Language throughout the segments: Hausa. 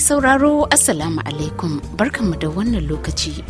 sauraro Assalamu alaikum barkanmu da wannan lokaci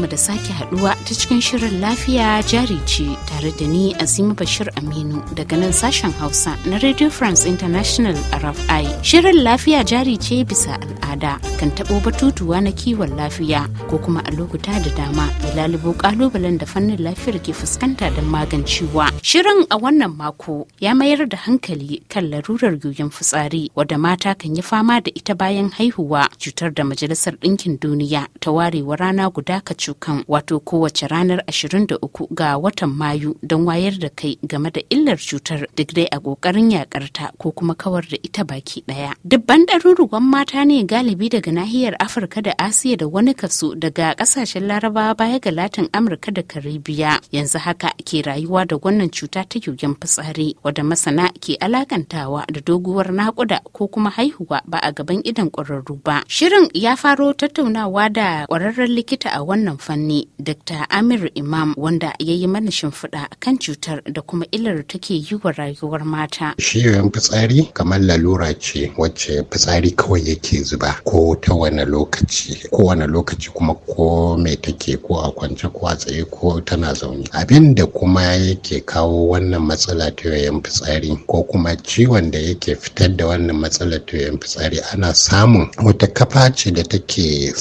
mu da sake haduwa ta cikin shirin lafiya jari ce tare da ni Azima Bashir Aminu daga nan sashen Hausa na Radio France International RFI. Shirin lafiya jari ce bisa al'ada kan tabo batutuwa na kiwon lafiya ko kuma a lokuta da dama da lalubo kalubalen da fannin lafiyar ke fuskanta don magancewa. Shirin a wannan mako ya mayar da hankali kan larurar yoyon fitsari wadda mata kan yi fama da ita bayan haihuwa haihuwa cutar da majalisar ɗinkin duniya ta warewa rana guda kacukan wato kowace ranar 23 ga watan mayu don wayar da kai game da illar cutar duk dai a ƙoƙarin yakarta ko kuma kawar da ita baki ɗaya. Dubban ɗaruruwan mata ne galibi daga nahiyar Afirka da Asiya da wani kaso daga ƙasashen Larabawa baya ga Latin Amurka da Karibiya yanzu haka ke rayuwa da wannan cuta ta yoyon fitsari wadda masana ke alakantawa da doguwar naƙuda ko kuma haihuwa ba a gaban idan ƙwararru. ƙwararru ba. Shirin ya faro tattaunawa da ƙwararren likita a wannan fanni, Dr. Amir Imam, wanda ya yi mana shimfiɗa kan cutar da kuma illar take yi wa rayuwar mata. Shirin fitsari kamar lalura ce wacce fitsari kawai yake zuba ko ta wani lokaci, ko wani lokaci kuma ko me take ko a kwance ko a tsaye ko tana zaune. Abin da kuma yake kawo wannan matsala ta yoyin fitsari ko kuma ciwon da yake fitar da wannan matsala ta yoyin fitsari ana samun wata kafa ce da take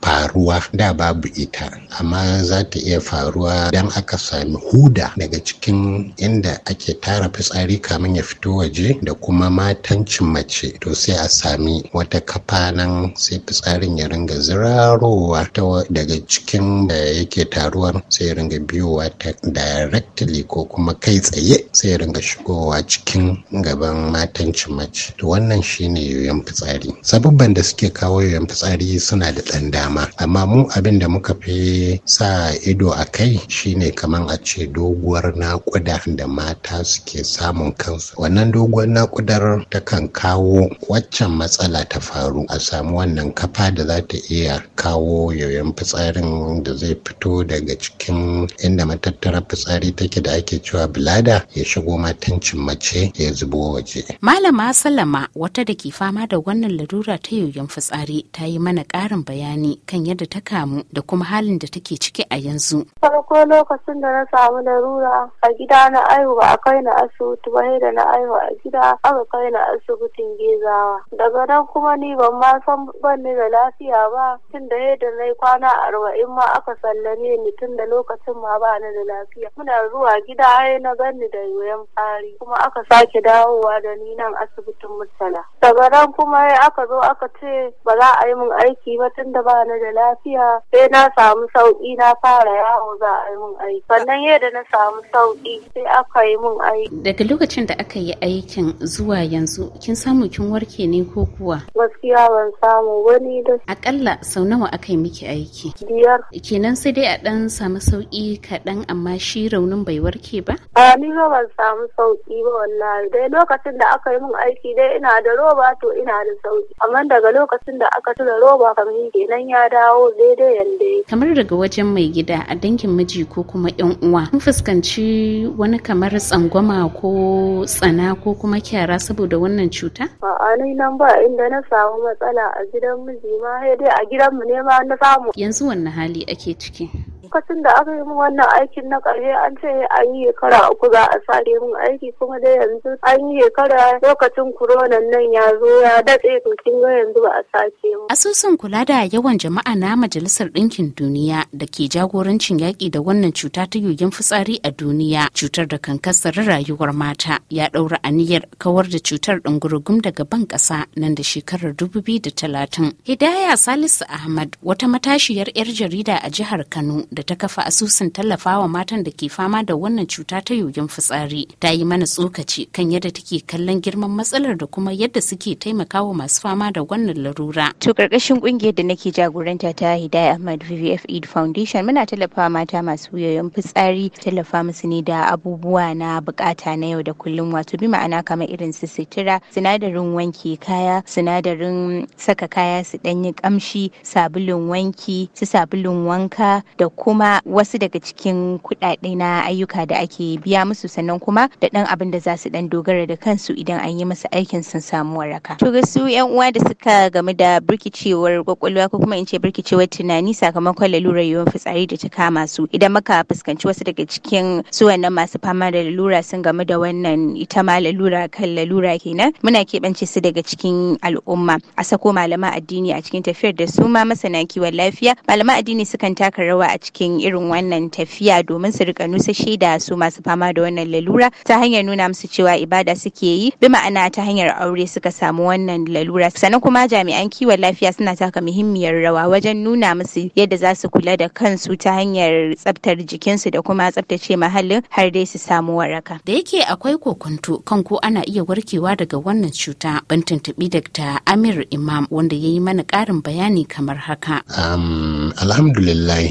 faruwa da babu ita amma za ta iya faruwa don aka sami huda daga cikin inda ake tara fitsari kamin ya fito waje da kuma matancin mace to sai a sami wata kafa nan sai fitsarin ya ringa zirarowa daga cikin da yake taruwa sai ringa biyowa ta directly ko kuma kai tsaye sai ringa shigowa cikin gaban matancin mace to wannan shine yoyon fitsari sababban da suke kawo yoyon fitsari suna da ɗan dama amma mu abin da muka fi sa ido a kai shine kamar a ce doguwar naƙuda da mata suke samun kansu wannan doguwar naƙudar kan kawo waccan matsala ta faru a samu wannan kafa da za ta iya kawo yoyon fitsarin da zai fito daga cikin inda matattarar fitsari take da ake cewa bilada ya shigo matancin mace ya zubo waje malama salama wata da ke fama da wannan larura ta yoyon fitsari ta yi mana ƙarin bayani kan yadda ta kamu da kuma halin da take ciki a yanzu. Farko lokacin da na samu larura a gida na aihu a kai na asibiti ba da na aihu a gida aka kai na asibitin gezawa. Daga nan kuma ni ban ma san ban ni da lafiya ba tun da yadda na kwana arba'in ma aka sallame ni tun da lokacin ma ba ni da lafiya. Muna zuwa gida ai na ni da yoyon fari kuma aka sake dawowa da ni nan asibitin Murtala. Daga nan kuma aka zo aka ce ba za a yi mun aiki ba tun da ba ni da lafiya sai na samu sauki na fara yawo za a yi mun aiki sannan yadda na samu sauki sai aka yi mun aiki daga lokacin da aka yi aikin zuwa yanzu kin samu kin warke ne ko kuwa gaskiya ban samu wani da akalla sau nawa aka yi miki aiki biyar kenan sai dai a dan samu sauki kaɗan amma shi raunin bai warke ba a ni ba ban samu sauki ba wallahi dai lokacin da aka yi mun aiki dai ina da roba to ina da sauki amma daga lokacin da aka tura roba kamar kenan ya dawo daidai yadda kamar daga wajen mai gida a dangin miji ko kuma yan uwa kun fuskanci wani kamar tsangwama ko tsana ko kuma kyara saboda wannan cuta a'a ni nan ba inda na samu matsala a gidan miji ma dai a gidanmu ne ma na samu yanzu wannan hali ake ciki lokacin da aka yi min wannan aikin na ƙarshe an ce an yi kara uku za a sare mun aiki kuma da yanzu an yi kara lokacin corona nan ya zo ya datse to kin ga yanzu ba a sake mu. Asusun kula da yawan jama'a na Majalisar Ɗinkin Duniya da ke jagorancin yaƙi da wannan cuta ta yugin fitsari a duniya cutar da kan kassara rayuwar mata ya ɗaura aniyar kawar da cutar ɗin gurgum daga ban ƙasa nan da shekarar talatin. Hidaya Salisu Ahmad wata matashiyar 'yar jarida a jihar Kano da ta kafa asusun tallafawa matan da ke fama da wannan cuta ta yoyin fitsari ta yi mana tsokaci kan yadda take kallon girman matsalar da kuma yadda suke taimakawa masu fama da wannan larura. To karkashin kungiyar da nake jagoranta ta Hidaya Ahmad VVF Eid Foundation muna tallafawa mata masu yoyon fitsari tallafa musu ne da abubuwa na bukata na yau da kullum wato bi ma'ana kamar irin su sutura, sinadarin wanke kaya, sinadarin saka kaya su danyi kamshi, sabulun wanki, su sabulun wanka da kuma wasu daga cikin kuɗaɗe na ayyuka da ake biya musu sannan kuma da ɗan abin da za su ɗan dogara da kansu idan an yi musu aikin sun samu waraka. To ga su 'yan uwa da suka game da birkicewar kwakwalwa ko kuma in ce birkicewar tunani sakamakon lalurar yawan fitsari da ta kama su idan muka fuskanci wasu daga cikin su wannan masu fama da lalura sun game da wannan ita ma lalura kan lalura kenan muna keɓance su daga cikin al'umma a sako malaman addini a cikin tafiyar da su ma masana kiwon lafiya malaman addini sukan taka rawa a cikin cikin irin wannan tafiya domin su rika nusa da su masu fama da wannan lalura ta hanyar nuna musu cewa ibada suke yi bi ma'ana ta hanyar aure suka samu wannan lalura sannan kuma jami'an kiwon lafiya suna taka muhimmiyar rawa wajen nuna musu yadda za su kula da kansu ta hanyar tsaftar jikinsu da kuma tsaftace muhallin har dai su samu waraka da yake akwai kokonto kan ko ana iya warkewa daga wannan cuta ban tuntubi dakta Amir Imam wanda ya yi mana karin bayani kamar haka. Um, alhamdulillah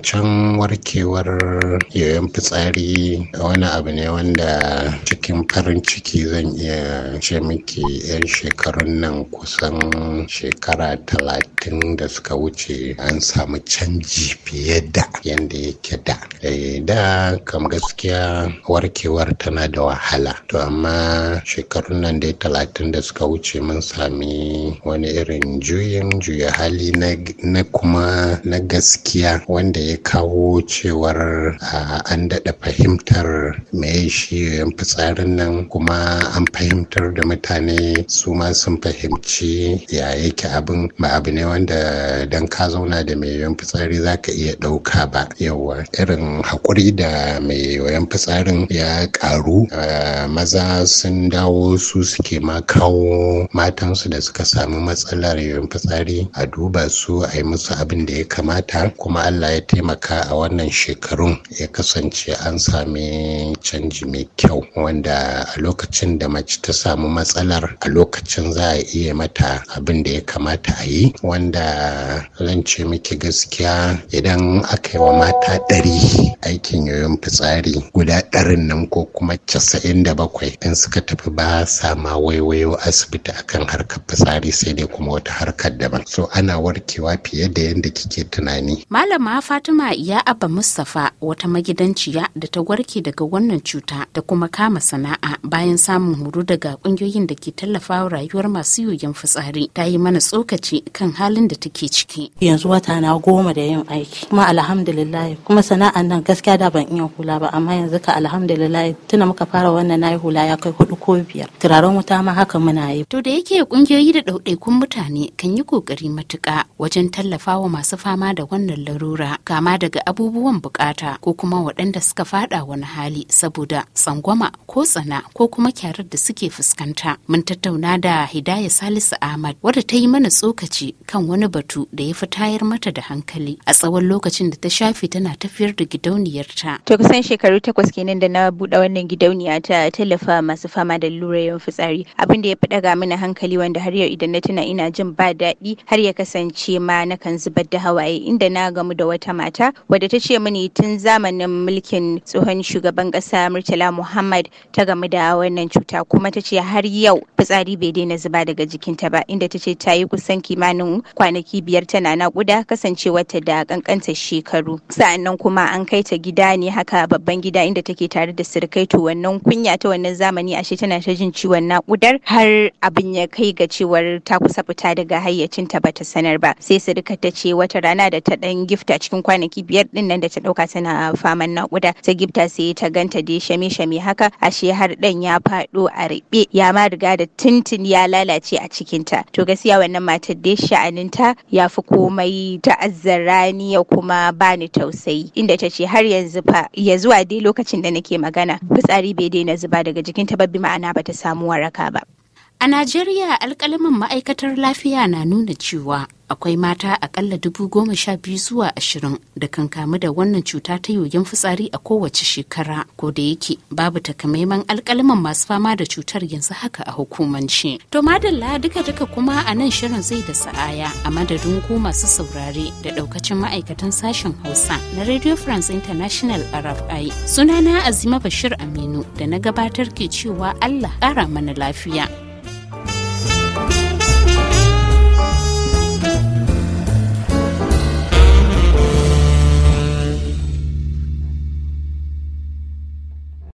zancen warkewar yoyon fitsari wani abu ne wanda cikin farin ciki zan iya ce miki 'yan shekarun nan kusan shekara talatin da suka wuce an samu canji fiye da yadda yake da eh, da kam gaskiya warkewar tana da wahala to amma shekarun nan dai talatin da suka wuce mun sami wani irin juyin juya hali na kuma na gaskiya wanda ya kawo cewar an daɗa fahimtar me shi fitsarin nan kuma an fahimtar da mutane su ma sun fahimci ya yake abin ba abu ne wanda dan ka zauna da mai yoyon fitsari za ka iya ɗauka ba yawa irin haƙuri da mai yoyon fitsarin ya ƙaru maza sun dawo su suke ma kawo matansu da suka samu matsalar yoyon fitsari a duba su a yi musu abin da ya kamata kuma allah ya taimaka a wannan shekarun ya kasance an sami canji mai kyau wanda a lokacin da mace ta samu matsalar a lokacin za a iya mata abin da ya kamata a yi wanda zan ce miki gaskiya idan aka yi wa mata ɗari aikin yoyon fitsari guda ɗarin nan ko kuma casa'in da bakwai in suka tafi ba sa ma waiwayo asibiti akan harkar fitsari sai dai kuma wata harkar daban so ana warkewa fiye da yadda kike tunani malama Fatima ya abba mustafa wata magidanciya da ta warke daga wannan cuta da kuma kama sana'a bayan samun horo daga kungiyoyin da ke tallafawa rayuwar masu yoyon fitsari ta yi mana tsokaci kan halin da take ciki. Yanzu wata na goma da yin aiki kuma alhamdulillah kuma sana'an nan gaskiya da ban iya hula ba amma yanzu ka alhamdulillah tuna muka fara wannan nayi hula ya kai hudu ko biyar turaren wuta ma haka muna yi. To da yake kungiyoyi da ɗaiɗaikun mutane kan yi kokari matuƙa wajen tallafa wa masu fama da wannan larura. kama daga abubuwan bukata ko kuma waɗanda suka fada wani hali saboda tsangwama ko tsana ko kuma kyarar da suke fuskanta mun tattauna da hidaya salisu ahmad wadda ta yi mana tsokaci kan wani batu da ya fi tayar mata da hankali a tsawon lokacin da ta shafe tana tafiyar da gidauniyarta to kusan shekaru takwas kenan da na buɗe wannan gidauniya ta tallafa masu fama da lurayen fitsari abin da ya fi ɗaga mini hankali wanda har yau idan na tuna ina jin ba daɗi har ya kasance ma nakan zubar da hawaye inda na gamu da wata mata wadda ta ce mini tun zamanin mulkin tsohon shugaban kasa Murtala Muhammad ta gamu da wannan cuta kuma ta ce har yau fitsari bai daina zuba daga jikinta ba inda ta ce ta yi kusan kimanin kwanaki biyar tana nakuda kasancewarta da kankanta shekaru sa'annan kuma an kai ta gida ne haka babban gida inda take tare da sirkai to wannan kunya ta wannan zamani ashe tana ta jin ciwon nakudar har abin ya kai ga cewar ta kusa fita daga hayyacinta bata sanar ba sai sirka ta ce wata rana da ta dan gifta cikin kwanaki biyar din nan da ta dauka tana faman nakuda ta gifta sai ta ganta dai shame shame haka ashe har dan ya fado a riɓe ya ma riga da tintin ya lalace a cikin ta to gaskiya wannan matar dai sha'anin ta ya fi komai ta ni ya kuma bani tausayi inda ta ce har yanzu fa ya zuwa dai lokacin da nake magana fitsari bai daina zuba daga jikin ta babbi ma'ana ta samu waraka ba A Najeriya alkalamin ma'aikatar lafiya na nuna cewa akwai mata akalla dubu goma sha biyu zuwa ashirin da kan kamu da wannan cuta ta yoyon fitsari a kowace shekara ko da yake babu takamaiman alkalamin masu fama da cutar yanzu haka a hukumance to madalla duka duka kuma a nan shirin zai da sa'aya a madadin ku masu saurare da ɗaukacin ma'aikatan sashen hausa na radio france international rfi sunana azima bashir aminu da na gabatar ke cewa allah ƙara mana lafiya